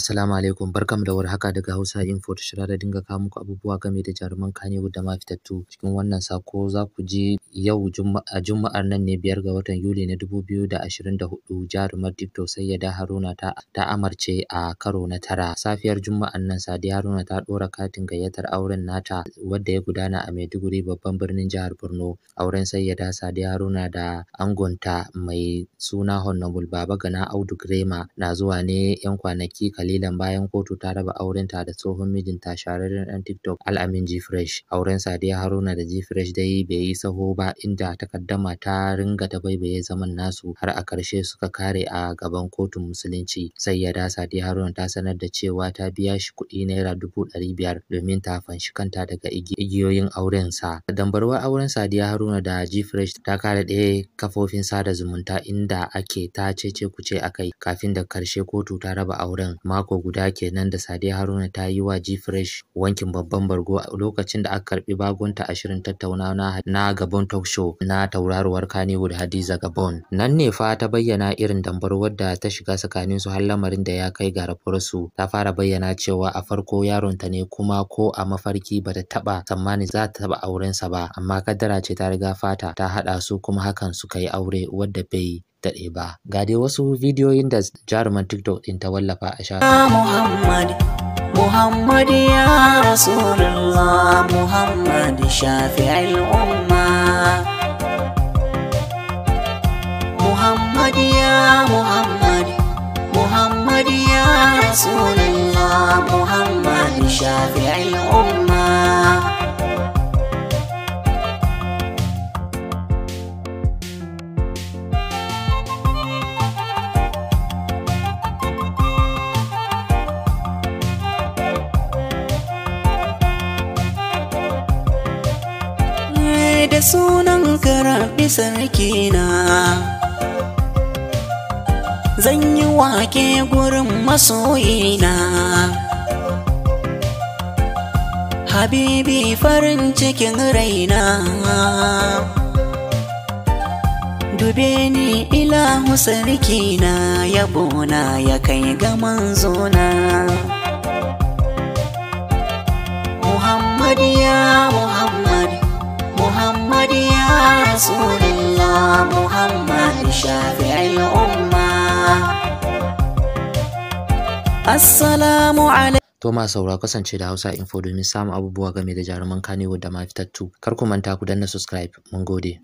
Assalamu alaikum barkamu da warhaka daga Hausa Info ta shirya da dinga kawo muku abubuwa game da jaruman kane da ma fitattu cikin wannan sako za ku ji yau Juma'a Juma'ar nan ne biyar ga watan Yuli na 2024 jarumar TikTok Sayyada Haruna ta ta amarce a karo na tara safiyar Juma'ar nan Sadi Haruna ta dora katin gayyatar auren nata wanda ya gudana a Maiduguri babban birnin jihar Borno auren Sayyada Sadi Haruna da angonta mai suna Honorable Baba Gana Audu Grema na zuwa ne 'yan kwanaki ka dalilan bayan kotu ta raba aurenta da tsohon mijinta shahararren ɗan TikTok Al'amin G Fresh. Auren Sadiya Haruna da G Fresh dai bai yi saho ba inda takaddama ta ringa ta baibaye zaman nasu har a karshe suka kare a gaban kotun musulunci. sai ya da Sadiya Haruna ta sanar da cewa ta biya shi kuɗi naira dubu ɗari biyar domin ta fanshi kanta daga igiyoyin auren aurensa. Dambarwar auren Sadiya Haruna da G Fresh ta kare ɗaya kafofin sada zumunta inda ake ta cece kuce akai kafin da karshe kotu ta raba auren. mako guda kenan da Sadiya Haruna ta yi wa G-Fresh wankin babban bargo a lokacin da aka karbi bagonta a shirin tattaunawa na Gabon Talk Show na tauraruwar Kannywood Hadiza Gabon. Nan ne fa ta bayyana irin dambarwar wadda ta shiga tsakanin su har lamarin da ya kai ga rabuwarsu. Ta fara bayyana cewa a farko yaronta ne kuma ko a mafarki ba ta taba tsammanin za ta taba aurensa ba amma kaddara ce ta riga fata ta hada su kuma hakan suka yi aure wadda bai daɗe ba ga dai wasu bidiyoyin da jaruman tiktok ɗin ta wallafa a shafin muhammad muhammad ya rasulullah muhammad shafi al'umma muhammad ya muhammad muhammad ya rasulullah muhammad shafi al'umma sunan karafi sarki na zan yi wake gurin masoyina habibi farin cikin raina dube ni ilahu na yabona ya kai ga manzona muhammad ya رسول الله محمد شافع الأمة السلام عليكم To saura kasance da Hausa Info domin samun abubuwa game da jaruman kanewa da mafitattu. Kar ku manta ku danna subscribe. Mun gode.